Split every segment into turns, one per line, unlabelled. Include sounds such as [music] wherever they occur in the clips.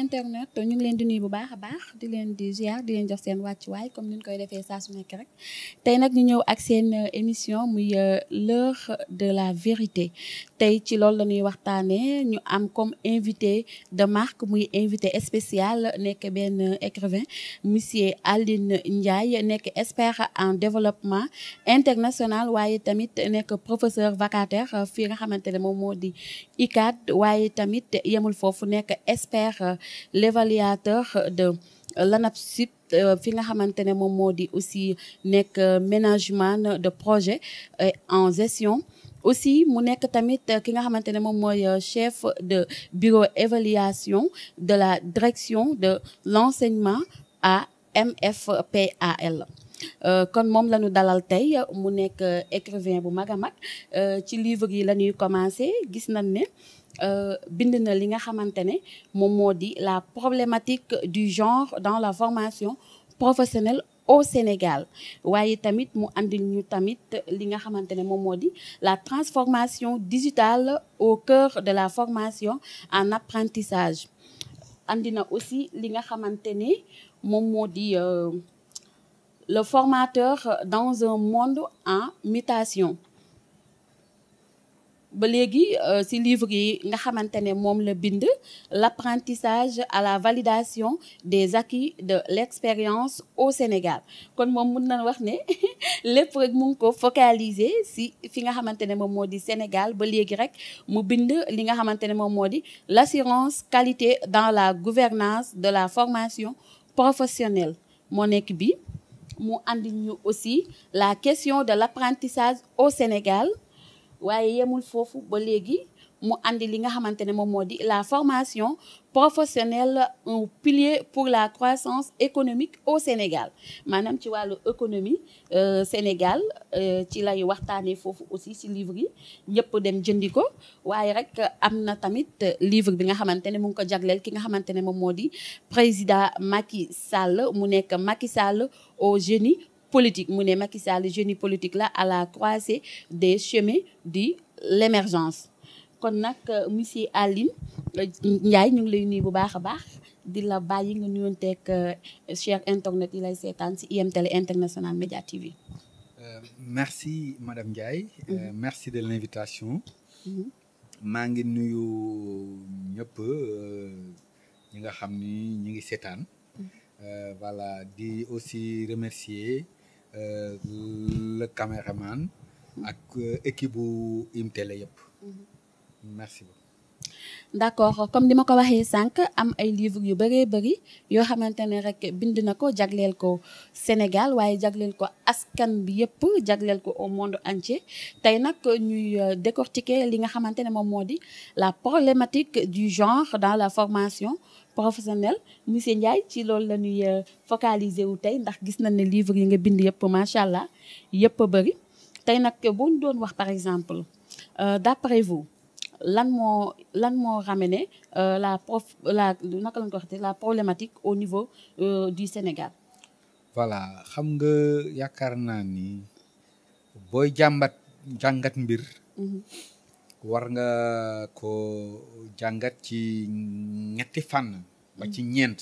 internet ñu ngi leen di nuyu bu baax a baax di leen di ziar di leen jox seen wàccuwaay comme ni ñu koy defee saa su nekk rek tey nag ñu ñëw ak seen euh, émission muy euh, l'heure de la vérité tey ci loolu la ñuy waxtaanee ñu am comme invité de marque muy invité spécial nekk benn euh, écrivain monsieur Aline Ndiaye nekk expert en développement international waaye tamit nekk professeur vacataire fii nga xamante ne moom moo di ICAD waaye tamit yemul foofu nekk expert l'évaluateur de euh, l'ANAPSIP euh, fi nga est aussi nek euh, management de projet en gestion aussi mon nekk tamit ki nga chef de bureau évaluation de la direction de l'enseignement à MFPAL Comme moom la ñu dalal tay mu écrivain bu Magamak. ci livre yi commencé commencer gis nañ euh, la problématique du genre dans la formation professionnelle au Sénégal la transformation digitale au cœur de la formation en apprentissage La aussi euh, le formateur dans un monde en mutation ba léegi euh, ci livre yi nga xamante ne moom la l'apprentissage à la validation des acquis de l'expérience au Sénégal kon moom mun na wax né, [laughs] lépp rek mu ngi ko focaliser ci fi nga xamante ne Sénégal ba léegi rek mu bind li nga xamante ne moom l'assurance qualité dans la gouvernance de la formation professionnelle mon nekk bi mu andi ñu aussi la question de l'apprentissage au Sénégal la formation professionnelle un pilier pour la croissance économique au Sénégal Madame, ci wàllu économie euh, Sénégal euh, ci lay Fofou fofu aussi si livre yi jendiko. dem Amnatamit, rek tamit livre bi nga xamante ne mu ngi ko jagleel ki président Macky Sall mu Macky Sall au génie politique mu Macky Sall génie politique là à la croisée des chemins de l'émergence kon nak, euh, monsieur Aline euh, Ndiaye ñu ngi lay nuyu bu baax a baax di la bàyyi nga nuyonteeg euh, cher internet il a seetaan ci IM Télé International media TV.
merci madame Ndiaye. Mhm. merci de l'invitation. Mhm. maa ngi nuyu ñëpp ñi nga xam ni ñi ngi seetaan. Mhm. voilà di aussi remercier. Euh, le caméraman ak euh, équipe bu Imtele yëpp. Mhm. merci beaucoup.
d'accord comme ni ma ko waxee sànq am ay livres yu bëree bëri yoo xamante ne rek bind na ko Sénégal waaye jagleel ko askan bi yëpp jagleel ko au monde entier tey nag ñuy euh, décortiquer li nga xamante ne moom la problématique du genre dans la formation professionnel monsieur Ndiaye ci lolou la ñuy euh, focaliser wu tey ndax gis nañ né livre yi nga bind yépp machallah yépp yëpp tay nak tey doon wax par exemple euh, d'après vous lan moo lan ramener euh la prof la naka lañ ko waxee la problématique au niveau euh, du Sénégal.
voilà xam nga yakarna ni boy jambat jangat mbir. Mhm. war nga ko jangat ci ñetti fan ba ci ñeent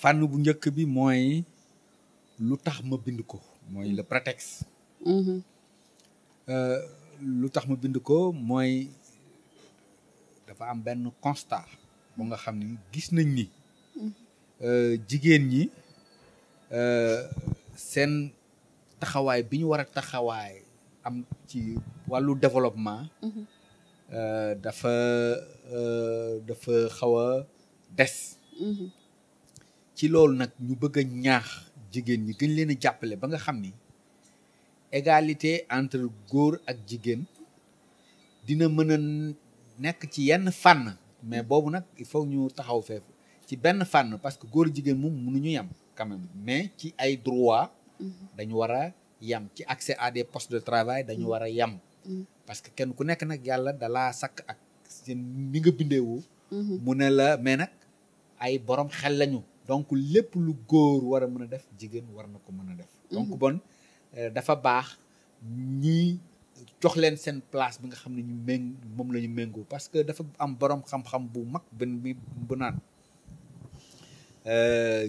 fan bu ñëk bi moy lu tax ma bind ko moy le mm-hmm. prétexte mm-hmm. lu tax ma bind ko moy dafa am ben constat bu nga xamni gis nañ ni mm-hmm. jigen ñi euh sen taxaway biñu wara taxaway am ci wàllu développement mhm. euh, dafa euh, dafa xaw a des mhm. ci loolu nag ñu bëgg a ñaax jigéen ñi gën leen a jàppale ba nga xam ni égalité entre góor ak jigéen dina mën a nekk ci yenn fànn mais boobu nag il faut ñu taxaw feefu ci benn fànn parce que góor jigéen moom mënuñu yem yam même mais ci ay droit mhm. dañu war yam ci accès à des post de travail dañu mm. war a yam mm. parce que kenn ku nekk nag yàlla dalaa sakk ak seen mi nga bindeewu mm-hmm. mu ne la mais nag ay borom xel lañu donc lépp lu góor war a mën a def jigéen war na ko mën a def donc mm-hmm. bon euh, dafa baax ñi jox leen seen place bi nga xam ne ñu méng moom la ñu méngoo parce que dafa am borom xam-xam bu mag benn bi bu naan euh,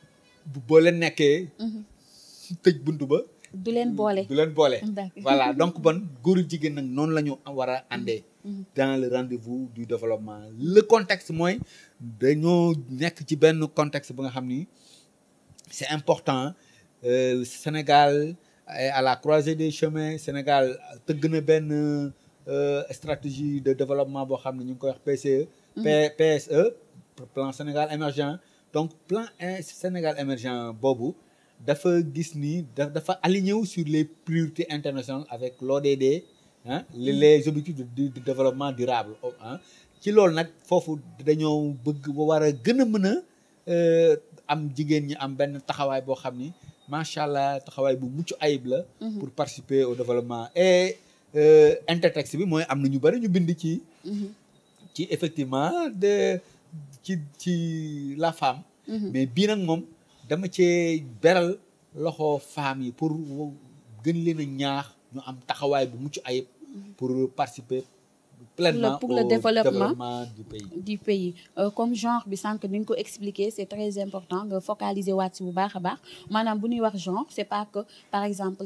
boo leen nekkee. Mhm. tëj bunt ba.
du leen boole du leen boole. voilà donc
bon góor jigéen nag non la ñu war mhm. Mhm. dans le rendez-vous du développement le contexte mooy dañoo nekk ci benn contexte bu nga c'est important euh, Sénégal à la croisée des chemins Sénégal tëgg ben benn euh, stratégie de développement boo xam ne ñu koy wax PCE. PSE plan Sénégal émergent donc plan Sénégal émergent Bobo dafa gis ni dafa aligné sur les priorités internationales avec l'ODD hein, mm. les objectifs de développement durable oh, Hein. ci loolu nag foofu dañoo bëgg ba war a gën a mën a euh, am jigéen ñi am benn taxawaay boo xam ni macha allah taxawaay bu mucc ayib la. Mm-hmm. pour participer au développement et euh, intertexte bi mooy am na ñu bari ñu bind ci. Mm-hmm. ci effectivement de la femme mm-hmm. mais bien dama pour mm-hmm. pour participer pleinement pour le développement
du pays euh, comme genre je que que c'est très important de focaliser sur le bu est pas que par exemple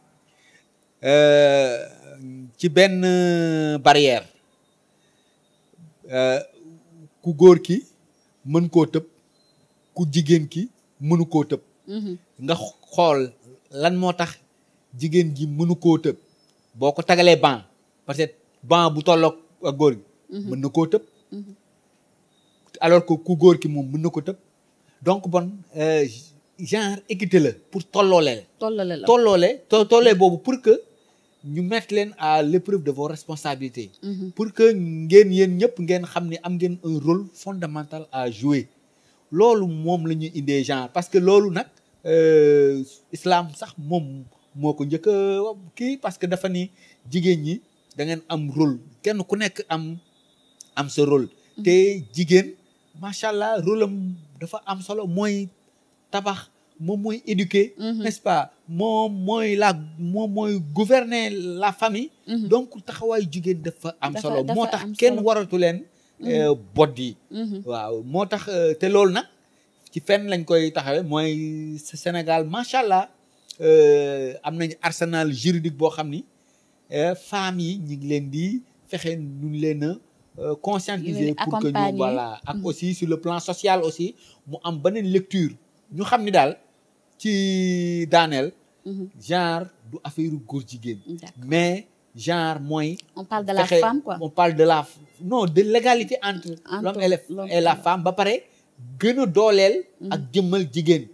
Euh, ci benn euh, barrière euh, ku góor ki mën koo tëb ku jigéen ki mënu koo tëb mhm. nga xool lan moo tax jigéen ji mënu koo tëb boo ko tagalee ban parce que ban bu tollook ak góor gi mhm. mën na koo tëb mhm. alors que ku góor ki moom mën na ko tëb donc bon genre équité la pour tollooleel
tolloole tolloole
tolloole boobu pour que Nous mettre leen à l'épreuve de vos responsabilités. Mhm. pour que ngeen un rôle fondamental à jouer. parce que euh, islam sax parce que nous, ni ñi da rôle kenn ku nekk am am rôle. Mhm. te rôle dafa am solo mhm. n'est-ce pas moi mooy la moom mooy gouverner la famille. Mhm. donc jigen jigéen dafa am solo. motax ken kenn waratu leen. Mhm. Euh, body mhm. waaw motax euh, té lol nak ci fenn lañ koy taxawee moy Sénégal machallah euh am arsenal juridique bo xamni euh femme yi ñi ngi leen di fexé nu leen euh, conscientiser pour que nous voilà ak aussi sur le plan social aussi mu am benen lecture ñu xamni dal ci daaneel. Mhm. genre du affaire góor jigéen. mais genre moi
on parle de la femme quoi
on parle de la non de l'égalité entre. entre l'homme et la femme bah pareil mhm. gën dolel ak mhm. jëmmal jigéen.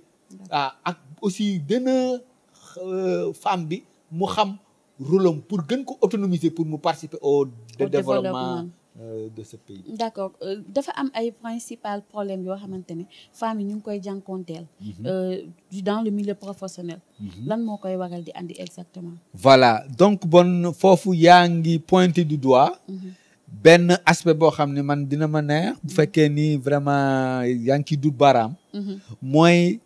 ah ak aussi gën euh, femme bi mu xam rôle pour gën ko autonomiser pour mu participer au. développement euh, de ce pays.
d'accord euh, dafa am ay principal problème yoo xamante ne femmes yi ñu ngi koy mhm. euh, dans le milieu professionnel. Mhm. lan moo koy waral di andi exactement.
voilà donc bon Fofu yaa ngi pointé du doigt. Ben, aspect bo xam man dina ma neex. bu fekkee ni vraiment yaa ngi ciy dut baaraam. mooy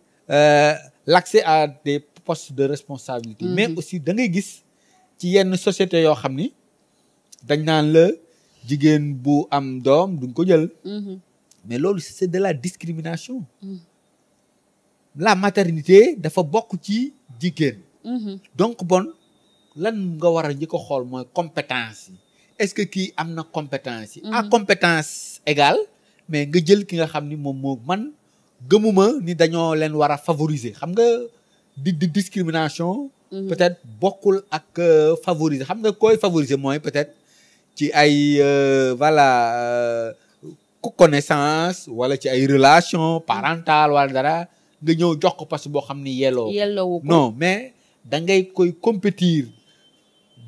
l'accès à des postes de responsabilité. mais aussi da ngay gis ci yenn société yoo xam ni dañ naan la jigen bu am dom duñ ko jël mhm. mais loolu c'est de la discrimination mhm. la maternité dafa bok ci jigéen mhm. donc bon lan nga wara a njëkk a compétence est-ce que ki amna na compétence a compétence égale mais nga jël ki nga xamni mom mo man gëmuma ni dañoo leen wara favoriser xam nga di di discrimination peut-être bokul ak euh, favoriser xam nga koy favoriser mooy peut-être ci ay euh, valla euh, connaissance wala ci ay relation parentale wala dara nga ñëw jox ko parce que boo xam ni yelloo yelloo ko non mais da ngay koy compétir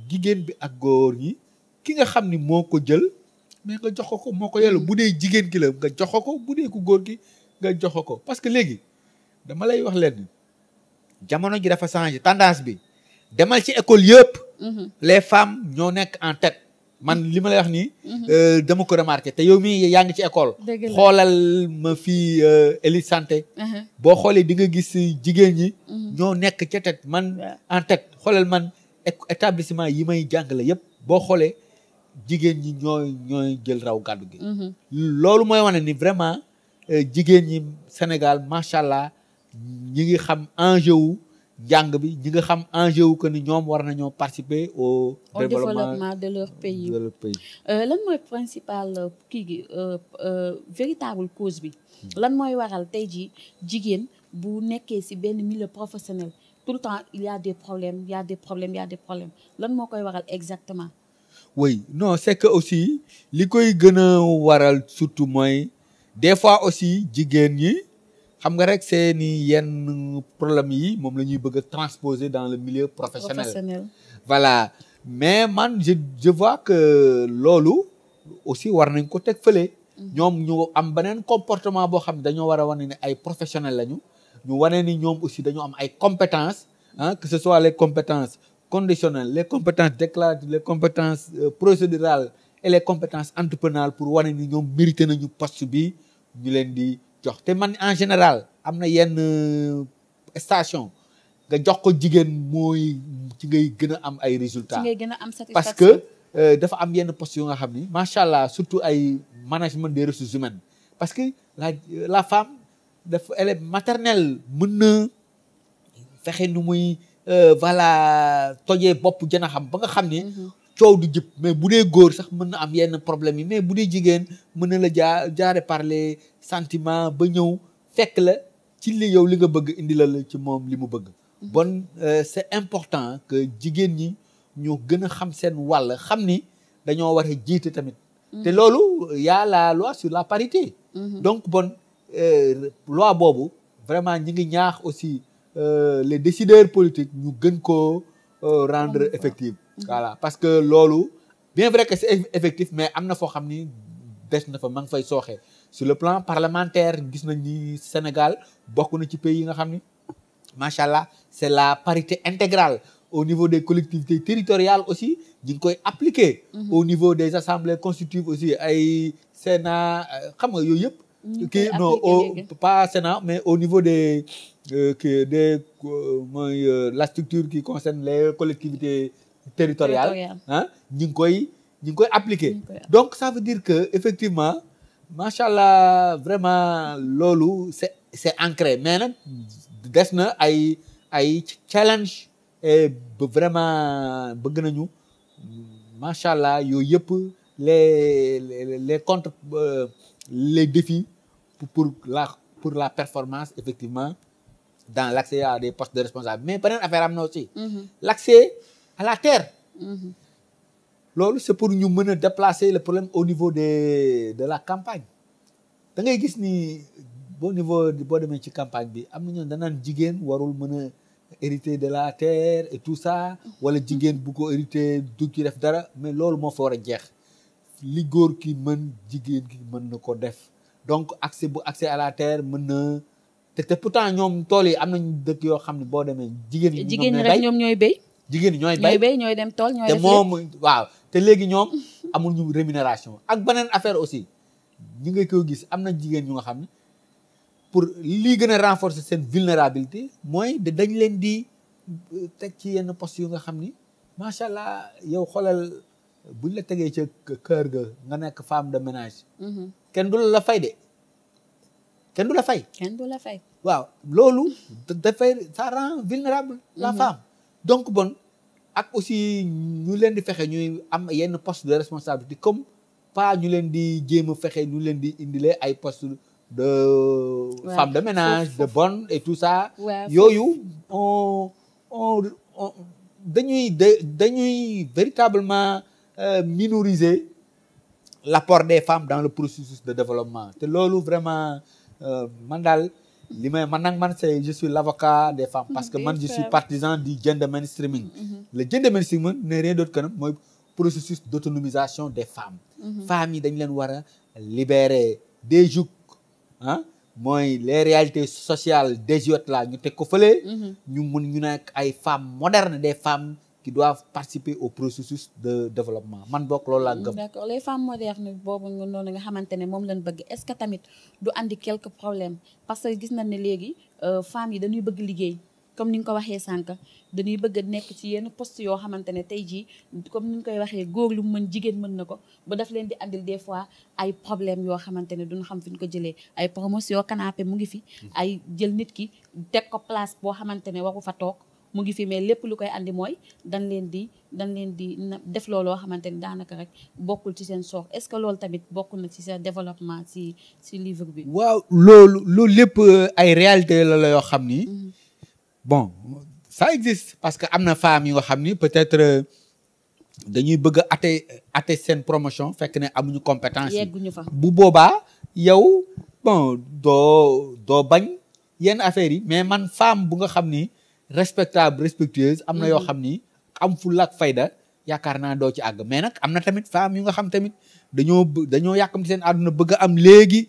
jigéen bi ak góor ñi ki nga xam ni moo ko jël mais nga jox ko ko moo ko yelloo mm. bu dee jigéen ki la nga jox ko bu ku góor gi nga jox ko parce que léegi dama lay wax leen jamono ji dafa changé tendance bi demal ci école yëpp mm-hmm. les femmes ñoo nekk en tet man li ma lay wax nii. Mhm. Euh, dama ko remarqué te yow mii yaa ngi ci école. xoolal ma fii euh, élite santé. Mhm. boo xoolee di nga gis jigéen ñi. Mhm. ñoo nekk ca man en tête xoolal man établissement yi may jàngale yëpp boo xoolee jigéen ñi ñooy ñooy jël raw gàddu gi. loolu mooy wane ni vraiment euh, jigéen ñi Sénégal macha allah ñi ngi xam enjeu wu. jang bi ñi nga xam enjeu wu que ni ñom war nañu participer au. développement
de leur pays de leur pays. Euh, lan moy principal euh, kii euh, euh véritable cause bi. lan moy waral tay ji jigen bu nekké ci ben milieu professionnel tout le temps il y a des problèmes il y a des problèmes il y a des problèmes lan mo koy waral exactement.
oui non c'est que aussi li koy gëna waral surtout moy des fois aussi jigen ñi xam nga rek c'est ni yenn problème yi moom la bëgg transposer dans le milieu professionnel. voilà mais man je je vois que loolu aussi war nañ ko teg fële. ñoom ñu am beneen comportement boo xam ne dañoo war wane ni ay professionnels lañu. ñu wane ni ñoom aussi dañoo am ay compétences hein, que ce soit les compétences conditionnelles les compétences déclaratives les compétences euh, procédurales et les compétences entrepreneuriales pour wane ni ñoom mérité nañu poste bi ñu leen di. jox te man en général am na yenn station nga jox ko jigéen mooy ci ngay gën a am ay résultats. ngay
gën a am satisfaction parce que
euh, dafa am yenn poste yu nga xam ni macha allah surtout ay management de ressources humaines parce que la euh, la femme dafa elle est maternelle mën na fexe nu muy euh, voilà tojee bopp jën a xam ba nga xam ni. Mhm. coow du jëpp mais bu dee góor sax mën na am yenn problème yi mais bu dee jigéen mën na la jaa jaare par les ba ñëw fekk la ci li yow li nga bëgg indi la la ci moom li mu bëgg bon euh, c'est important que jigéen ñi ñu gën a xam seen wàll xam ni dañoo war a jiite tamit te mm-hmm. loolu y'a la loi sur la parité mm-hmm. donc bon euh, loi boobu vraiment ñi ngi ñaax aussi euh, les décideurs politiques ñu gën koo rendre effective voilà parce que lolo bien vrai que c'est effectif mais amna fo xamni des na fa fay soxé sur le plan parlementaire gis nañ ni Sénégal bokk na ci pays yi nga xamni c'est la parité intégrale au niveau des collectivités territoriales aussi ñu koy appliquer. Mhm. au niveau des assemblées constitutives aussi ay Sénat euh, xam nga yooyu non au pas Sénat mais au niveau des que euh, des euh, la structure qui concerne les collectivités territorial hein ngi donc ça veut dire que effectivement machallah vraiment lolo c'est c'est ancré mais nag des na ay ay challenge et vraiment bëgg nañu y a yooyu les les contre euh, les défis pour la pour la performance effectivement dans l'accès à des postes de responsable mais beneen affaire am aussi mm-hmm. l'accès à la mm-hmm. loolu c'est pour ñu mën a déplacer la problème au niveau des de la campagne da ngay gis ni boo niveau boo demee ci campagne bi am na ñoom danaan jigéen warul mën a hériter de la terre et tout ça mm-hmm. wala jigéen bu ko hériter du ci def dara mais loolu moo fa war a jeex li góor ki mën jigéen ki mën na ko def donc accès bu accès à la terre mën na te te pourtant ñoom tool yi am nañ dëkk yoo xam ne boo demee jigéen ñi ñoom ñooy bay jigéen ñi ñooy bay
ñooy dem tool ñooy def te moom
waaw te léegi ñoom amul ñu rémunération ak beneen affaire aussi ñu nga ko gis am na jigéen ñu nga xam ne pour lii gën a renforcer seen vulnérabilité mooy de dañ leen di euh, teg ci yenn post yu nga xam ni macha allah yow xoolal buñ la tegee ca kër ga nga nekk femme de ménage. Mm-hmm. kenn du la fay de kenn du la fay. kenn du la fay. waaw loolu dafay ça rend vulnérable la mm-hmm. femme. donc bon ak aussi ñu leen di nous ñuy am poste de responsabilité comme pas ñu leen di jéem ñu di poste de femme de ménage de bonne et tout ça ouais. yo, on on on dañuy dañuy véritablement euh, minoriser l'apport des femmes dans le processus de développement C'est vraiment euh, man li may man nag man c'est je suis l'avocat des femmes parce que man je suis partisan du gender mainstreaming mm-hmm. le gender mainstreaming n'est rien d'autre que nag mooy processus d'autonomisation des femmes mm-hmm. femmes yi dañ leen war a libérer des jougs ah mooy les réalités sociales des yot la ñu teg ko fale mm-hmm. ñu mun ñu nekk ay femmes modernes des femmes qui doivent participer au processus de développement man bokk loolu laa gëm.
d'accord les femmes modernes boobu noonu nga xamante ne moom lañ bëgg est-ce que tamit du andi quelques problèmes parce que gis nañ ne léegi euh, femmes yi dañuy bëgg liggéey comme ni nga ko waxee sànq dañuy bëgg nekk ci yenn post yoo xamante ne tey jii comme ni nga koy waxee góor lu mën jigéen mën na ko ba daf leen di andil des fois ay problèmes yoo xamante ne duñ xam fi ñu ko jëlee ay promotion canapé mu ngi fi. Hmm. ay nit ki teg ko place boo xamante ne waru fa mu ngi fi mais lepp lu koy andi moy dañ leen di dañ leen di def looloo xamanteni danaka rek bokul ci sen sox est-ce que loolu tamit bokkul na ci sa développement ci ci livre bi.
waaw loolu loolu lepp euh, ay réalité la la yoo xam mm-hmm. bon ça existe parce que amna femme femmes yoo xam peut-être euh, dañuy bëgg até até sen promotion fekk ne amuñu compétence
yegguñu fa bu
boba yow bon do do bañ yenn affaire yi mais man femme bu nga xamni ni. respectable respectueuse am na yoo mm-hmm. xam ni am fulla ak fayda yaakaar naa doo ci àgg mais nag am na tamit femmes yu nga xam tamit dañoo dañoo yàkkamti seen àdduna bëgg am léegi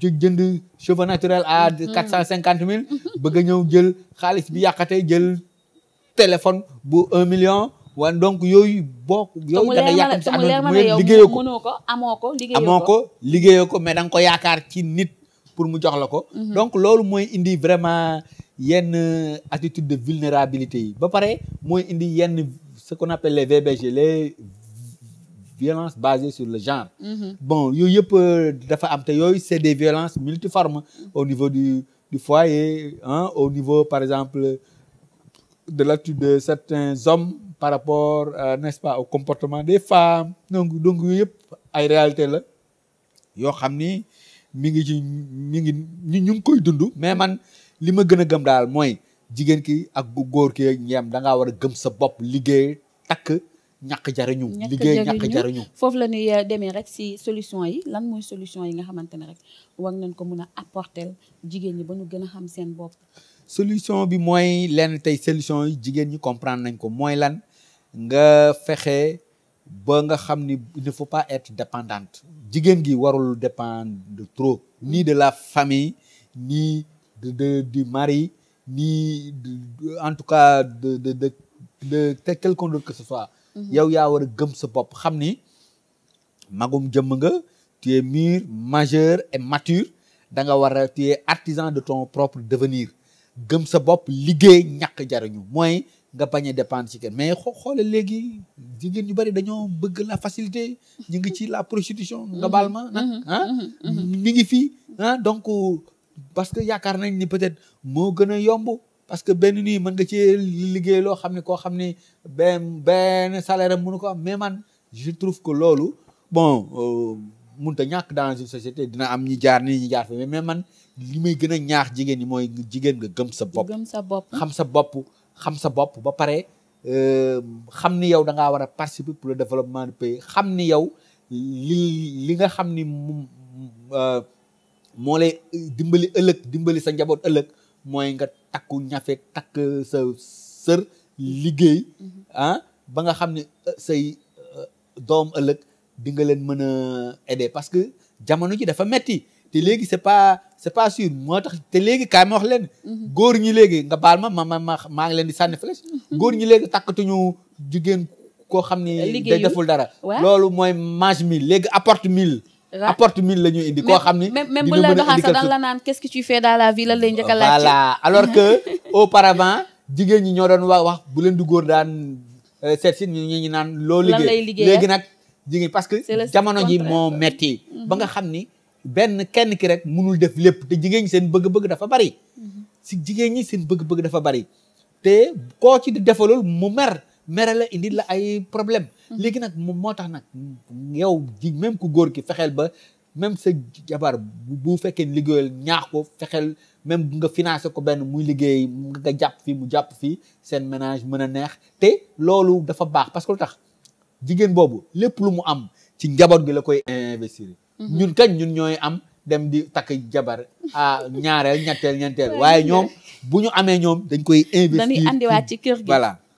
jënd cheveux naturel à mm-hmm. quatre cent cinquante mille mm-hmm. bëgg a ñëw jël xaalis bi yàqate jël téléphone bu un million wan donc yooyu book yooyu da nga yàkkam si àdduna
amoo ko amoo ko
liggéeyoo ko mais da ko yaakaar ci nit pour mu jox la ko donc loolu mooy indi vraiment yenn attitude de vulnérabilité yi ba pare mooy indi yenn ce qu'on appelle les VBG les violences basées sur le genre mm -hmm. bon yooyu yëpp euh, dafa am te yooyu c'est des violences multiformes au niveau du du foyer hein, au niveau par exemple de l'attitude de certains hommes par rapport euh, n'est-ce pas au comportement des femmes donc donc yooyu yëpp ay réalité la yoo xam ni mi ngi ci mi ngi ñu ngi koy dund mais man li ma gën a gëm daal mooy jigéen ki ak góor ki ñeem da ngaa war a gëm sa bopp liggéey takk ñàkk jariñu liggéey ñàkk jariñu
foofu la ñuy uh, demee rek si solution yi lan mooy solution yi nga xamante ne rek war nañ ko mun a apporter jigéen ñi ba ñu gën a xam seen bopp
solution bi mooy lenn tey solution yi jigéen ñi comprendre nañ ko mooy lan nga fexe ba nga xam ni il ne faut pas être dépendante jigéen gi warul dépendre trop ni de la famille ni de, de, du mari, ni en tout cas de de de quelqu'un d'autre que ce soit. Mhm. yow yaa war a gëm sa bopp xam ni magum jëmm nga tu es mûr majeur et mature da nga war a tu es artisan de ton propre devenir gëm sa bopp liggéey ñàkk jariñu mooy nga bañ a dépendre ci kenn mais xoole léegi jigéen ñu bari dañoo bëgg la facilité ñu ngi ci la prostitution nga baal nag ah, mhm. ah mhm. mi ah, donc parce que yaakaar nañ ni peut-être moo gën a yomb parce que benn nii mën nga cee liggéey loo xam ne koo xam ni benn benn salaire mënu ko am mais man je trouve ko loolu bon euh, mënut a ñàkk dans une société dina am ñi jaar nii ñi jaar fi mais man li may gën a ñaax jigéen ñi mooy jigéen nga gëm sa bopp gëm sa bopp xam sa bopp xam sa bopp ba pare euh, xam ni yow da ngaa war a participer pour le développement du pays xam ni yow li li nga xam ni euh, moo lay dimbali ëllëg dimbali sa njaboot ëllëg mooy nga takku ñafe takk sa sër liggéey mhm. ah ba nga xam ne euh, say euh, doom ëllëg di nga leen mën a aider parce que jamono ji dafa metti te léegi c'est pas c'est pas moo tax te léegi kaay ma wax leen mhm. góor ñi léegi nga baal ma ma ma ma maa ngi leen di sànni flèche mhm. góor ñi léegi takkatuñu jigéen koo xam ni day dara loolu mooy mange mille léegi apporte mille apporte mille la ñuy indi. koo xam ni dina même bu la doxal la
naan qu'est-ce que tu fais dans la vie la lay njëkk a laajte.
alors que [laughs] auparavant jigéen ñi ñoo doon wax wax bu leen di góor daan euh, seet si ñu ñu naan. loo liggéey léegi eh? nag jigéen parce que jamono ji moo metti mm-hmm. ba nga xam ni benn kenn ki rek munul def lépp te jigéen ñi seen bëgg-bëgg dafa bari. Mm-hmm. si jigéen ñi seen bëgg-bëgg dafa bari te koo ci defalul mu mer. mere la indi la ay problème hmm. léegi nag moom moo tax nag yow ji même ku góor ki fexeel ba même sa jabar bu fekkee liggéeyal ñaax ko fexeel même nga financé ko benn muy liggéey nga jàpp fi mu jàpp fii seen ménage mën a neex te loolu dafa baax parce que lu tax jigéen boobu lépp lu mu am ci njaboot gi la koy investir hmm. ñun kañ ñun ñooy am dem di takk jabar ah ñaareel ñetteel ñeenteel [laughs] waaye ñoom bu ñu amee ñoom dañ koy investir dañuy
ci kër gi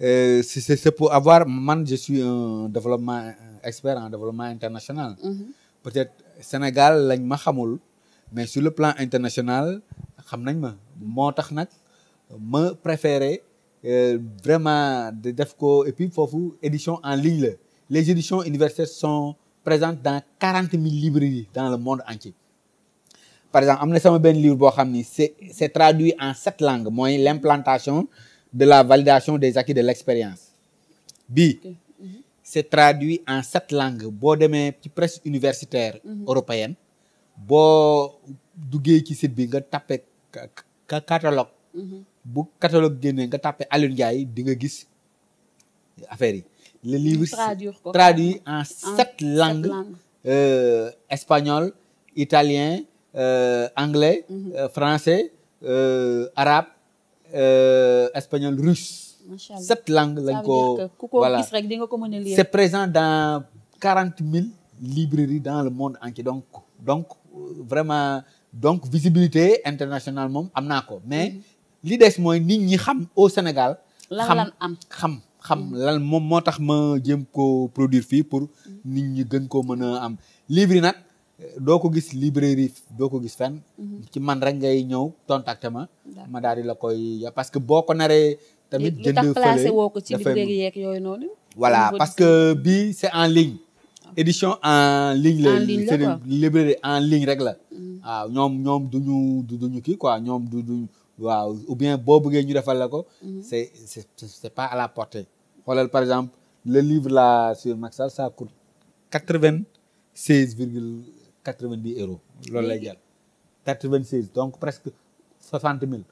Euh, c'est pour avoir, moi je suis un développement, expert en développement international. Mm-hmm. Peut-être Sénégal, lañ ma pas, mais sur le plan international, je ma. préféré euh, vraiment de DEFCO et puis vous édition en ligne les éditions universitaires sont présentes dans 40 000 librairies dans le monde entier. par exemple am sama livre c'est traduit en sept langues l'implantation de la validation des acquis de l'expérience B, mhm. c'est traduit en sept langues Bon, demee presse universitaire mhm. européenne boo du ci site bi nga catalogue mhm. bu catalogue vous nga affaire le livre traduit en, sept langues euh, espagnol italien euh, anglais euh, français arabe euh, espagnol russe. sept langues lañ ko. voilà
c'est présent
dans 40 000 librairies dans le monde entier donc donc vraiment donc visibilité internationale mom, amna ko mais. Mhm. l'idée c'est mooy nit ñi xam au Sénégal. lan lan am xam xam mhm. lan moom ma produire pour mhm. nit ñi gën koo am livre nak, doko gis librairie doo gis fan, ci man rek ngay ñëw contacté ma ma daal di la koy parce que boo ko naree. tamit jënd fële lu tax placé woo ci librairie yeeg yooyu noonu. voilà parce que bi c'est en ligne. Ah. édition en ligne la en ligne la librairie en ligne rek la. waaw mm. ah, ñoom ñoom duñu duñu kii quoi ñoom du duñu waaw ou bien boo bëggee ñu defal la ko. Mm. c'est c'est c'est pas à la portée. xoolal par exemple le livre là sur Maxal ça coûte quatre-vingt-seize virgule quatre-vingt-dix euros. loolu lay jël quatre-vingt-seize donc presque soixante mille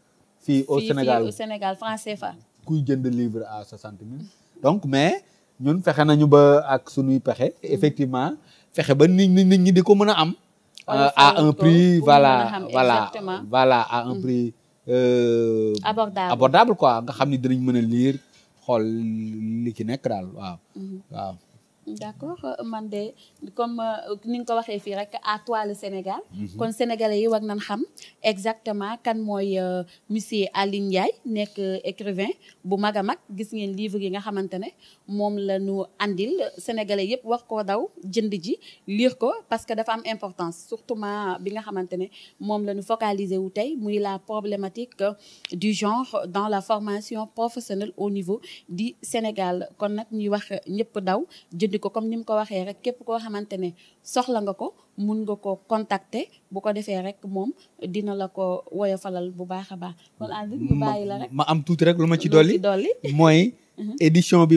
fi au Sénégal fii au
Sénégal français fa.
kuy jënd livre à soixante mille. donc mais ñun fexe nañu ba ak suñuy pexe. Mm-hmm. effectivement fexe ba nit ñi nit ñi di ko mën a am. Euh, à un prix voilà voilà voilà à un mm-hmm. prix. Euh, abordable abordable quoi nga xam ni dinañ mën a lire xool li ci nekk daal waaw mm-hmm. waaw.
D'accord, euh, accord comme euh, ni nga ko waxee fii rek à toi le Sénégal. Mhm. kon sénégalais yi war nañ xam exactement kan mooy euh, monsieur Aly Ndiaye nekk écrivain bu mag a mag gis ngeen livre yi nga xamante moom andil sénégalais yëpp wax ko daw jënd ji lire ko parce que dafa am importance surtout ma bi nga xamante ne la focaliser wu tay, muy la problématique du genre dans la formation professionnelle au niveau du Sénégal kon nak, ñuy wax ñëpp daw jëndi ko comme ni ko waxee rek képp ko xamante ne soxla nga ko mun nga ko contacter bu ko defee rek mom, dina la ko woyofalal bu baax ba. kon ñu bàyyi la rek ma
am tuuti rek lu ma ci dolli dolli Mhm. édition bi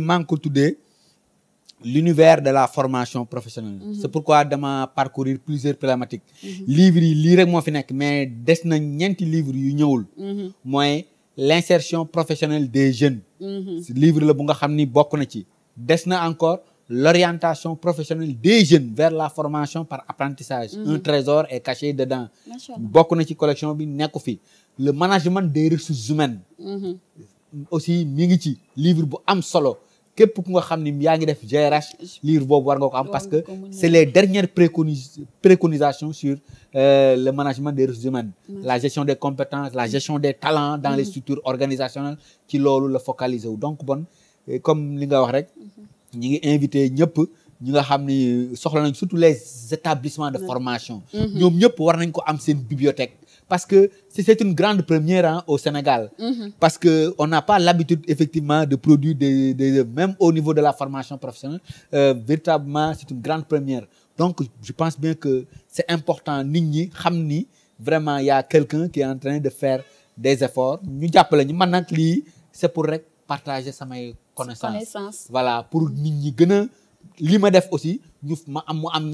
l'univers de la formation professionnelle mhm. c'est pourquoi dama parcourir plusieurs problématiques mhm. livres livre, rek mais des na ñenti livres yu l'insertion professionnelle des jeunes livre le bu nga encore l'orientation professionnelle des jeunes vers la formation par apprentissage un trésor est caché dedans bokku na ci collection le management des ressources humaines aussi mi livre bu am solo képp ku nga xam ni yaa ngi def GRH livre boobu am parce que c'est les dernières préconisations sur euh, le management des ressources humaines la gestion des compétences la gestion des talents dans les structures organisationnelles qui loolu la focaliser donc bon euh, comme li nga wax rek mhm. ñi invité ñëpp ñi nga xam ni soxla nañ surtout les établissements de formation Nous mhm. ñëpp war nañ ko am bibliothèque parce que c'est une grande première hein, au Sénégal. Mhm. Parce qu'on n'a pas l'habitude, effectivement, de produire, même au niveau de la formation professionnelle, euh, véritablement, c'est une grande première. Donc, je pense bien que c'est important, Nigni, Hamni, vraiment, il y a quelqu'un qui est en train de faire des efforts. Nous appelons maintenant c'est pour partager sa connaissance. Voilà, pour Nini, Gana, aussi, nous gens qui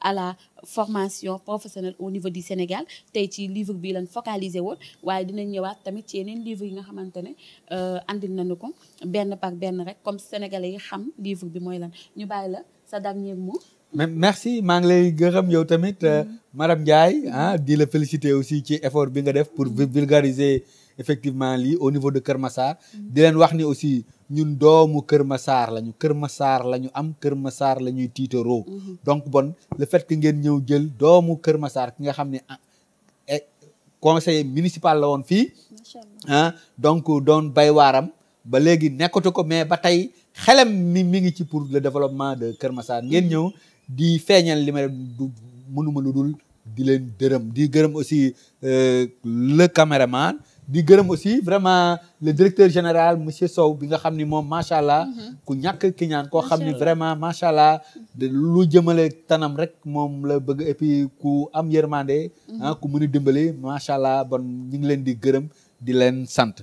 à la formation professionnelle au niveau du Sénégal Tay ci livre bi lañ focaliser woon waye dinañ ñëwaat tamit ci yeneen livre yi nga xamantene ne euh, andil nañu ko benn par benn rek comme sénégalais yi xam livre bi moy lan ñu bàyyi la sa dernier mot.
merci ma ngi lay gërëm yow tamit euh, mm-hmm. madame Ndiaye hein di la féliciter aussi ci effort bi nga def pour mm-hmm. vulgariser effectivement li au niveau de Kër mm-hmm. di leen wax ni aussi. ñun doomu Kër Massar lañu Kër Massar lañu am Kër Massar la ñuy tiitaroo. Mhm. donc bon le fait ngeen ñëw jël doomu Kër Massar ki nga xam ni ne ah, eh, conseil municipal la woon fii. ah donc doon bay waaram ba léegi nekkatu ko mais ba tey xelam mi mi ngi ci pour le développement de Kër Massar ngeen mhm. ñëw di feeñal li ma du mënuma lu dul di leen dërëm di gërëm aussi euh, le caméraman. di gërëm aussi vraiment le directeur général monsieur Sow bi nga xam ni moom macha allah. Mm-hmm. ku ñàkk ki ñaan koo xam ni vraiment macha allah. lu jëmale tanam rek moom la bëgg et puis ku am yërmande. Mm-hmm. ah ku mën a dimbali macha allah bon ñu ngi leen di gërëm di leen sant.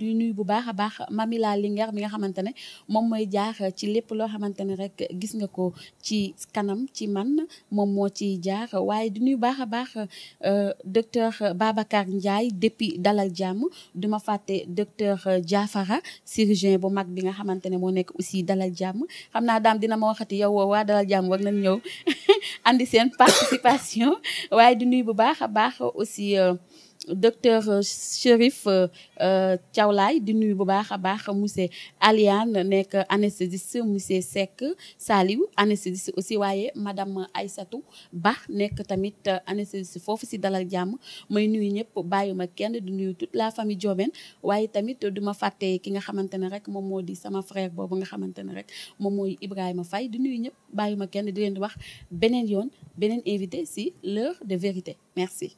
di nuyu bu baax a baax Mami la Linguère mi nga xamante ne moom mooy jaax ci lépp loo xamante ne rek gis nga ko ci kanam ci man moom moo ci jaar waaye di nuyu baax a baax euh, docteur Babacar njaay depuis dalal jàmm du ma fàtte docteur Diafara chirurgien bu mag bi nga xamante ne moo nekk aussi dalal jàmm xam naa daam dina ma waxati yow waa dalal jàmm war nañ ñëw [laughs] andi seen participation waaye di nuyu bu baax a baax aussi. Euh, docteur euh, Cherif euh, euh, Thiawlaay di nuyu bu baakha baax monsieur Aliane nek anesthésiste monsieur sec, Saliou anesthésiste aussi waye madame Aissatou, Ba nek tamit anesthésiste fofu ci dalal jam may nuyu ñep bayuma kenn di nuyu toute la famille Diobène waye tamit duma ma ki nga xamantene rek mom modi sama frère bobu nga xamantene rek mom moy Ibrahima Fay di nuyu ñep bayuma kenn di len di wax benen yoon benen invité si l'heure de vérité merci